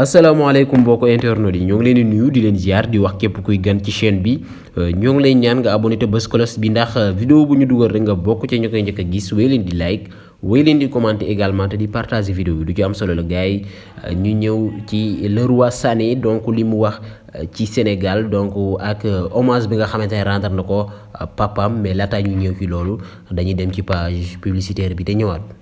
asalaamaaleykum ko internet yi ñoo ngi leen di nuyu di leen ziar di wax képp kuy gan ci chaîne bi euh, ñoo ngi leen ñaan nga abonné te bës cloche bi ndax euh, vidéo bu ñu dugal rek nga bokk ca ñu koy njëkk gis wéy leen di like wéy leen di commenter également di partager vidéo bi du am solo la gaay euh, ñu ñëw ci Leroy Sané donc li mu wax ci Sénégal donc ak hommage bi nga xamante ne rendre na ko papam mais laata ñu ñëw ci loolu dañuy dem ci page publicitaire bi te ñëwaat.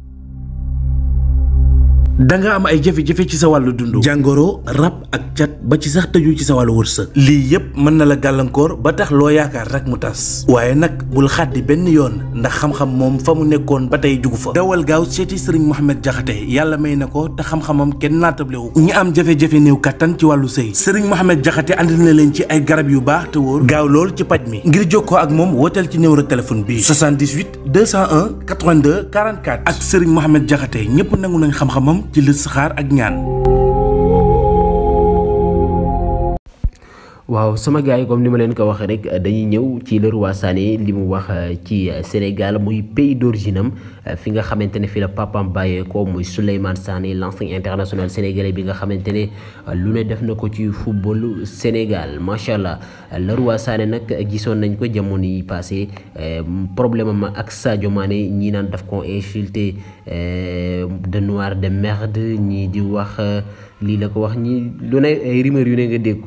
da nga am ay jafe-jafe ci sa wàllu dundu jàngoro rab ak cat ba ci sax tëju ci sa wàllu wërsëg lii yëpp mën na la gàllankoor ba tax loo yaakaar rek mu tas waaye nag bul xàddi benn yoon ndax xam-xam moom fa mu nekkoon ba tey jugu fa dawal gaaw seeti sëriñ Mohamed Jaxate yàlla may na ko te xam-xamam kenn naatable wu ñi am jafe-jafe néew kàttan ci wàllu sëy sëriñ Mohamed Jaxate andi na leen ci ay garab yu baax te wóor gaaw lool ci paj mi ngir jokkoo ak moom wooteel ci numéro téléphone bi 78 201 82 44 ak sëriñ Mohamed Jaxate ñëpp nangu nañ xam ci listixaar ak ñaan waaw sama gars yi comme ni ma leen ko waxee rek dañuy ñëw ci Leroy Sané li mu wax euh, ci euh, Sénégal muy pays d'origine am euh, fi nga xamante ne fi la papam bàyyeekoo muy Souleymane Sané l'ancien international sénégalais bi nga xamante ne lu ne def na ko ci football Sénégal macha allah Leroy Sané nag gisoon nañ ko jamono yi passé problème am ak Sadio Mané ñii naan daf ko insulté de noir de merde ñii di wax. Lila, la ko wax ñi lu ne ay rumeur yu ne nga dégg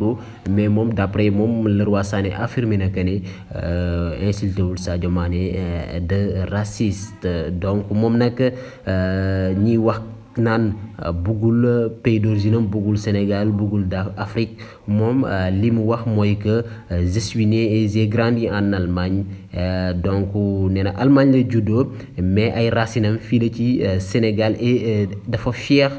mais moom d'après moom Leroy Sané affirmé na que ne euh, insulté wul Sadio Mané euh, de raciste donc moom nag ni euh, wax naan bugul pays d'origine am Sénégal bugul d'Afrique. Afrique moom li mu wax mooy que je suis né et j'ai grandi en Allemagne donc nee na Allemagne la juddoo mais ay racines am fii la ci Sénégal et dafa fier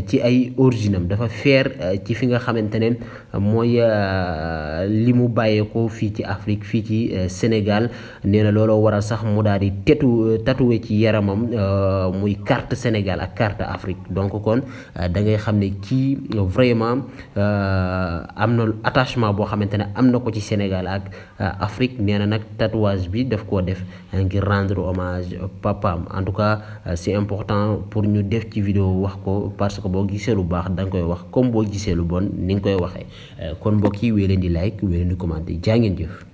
ci ay origine dafa fier euh, ci fi nga xamante euh, moy euh, limu bayeko fi ci Afrique fi ci Sénégal nee lolo wara sax mu daal tetu tatoué ci yaramam muy carte Sénégal ak carte Afrique donc kon da ngay xamné ne vraiment amna attachement bo xamantene amna ko ci Sénégal ak Afrique nee nak tatouage bi daf ko def ngir rendre hommage papam en tout cas c'est important pour ñu def ci vidéo wax ko parce que boo gisee lu baax da nga koy wax comme boo gisee lu bon ni nga koy waxee euh, kon mbokk yi wéy leen di like wéy leen di commenter jaa ngeen jëf.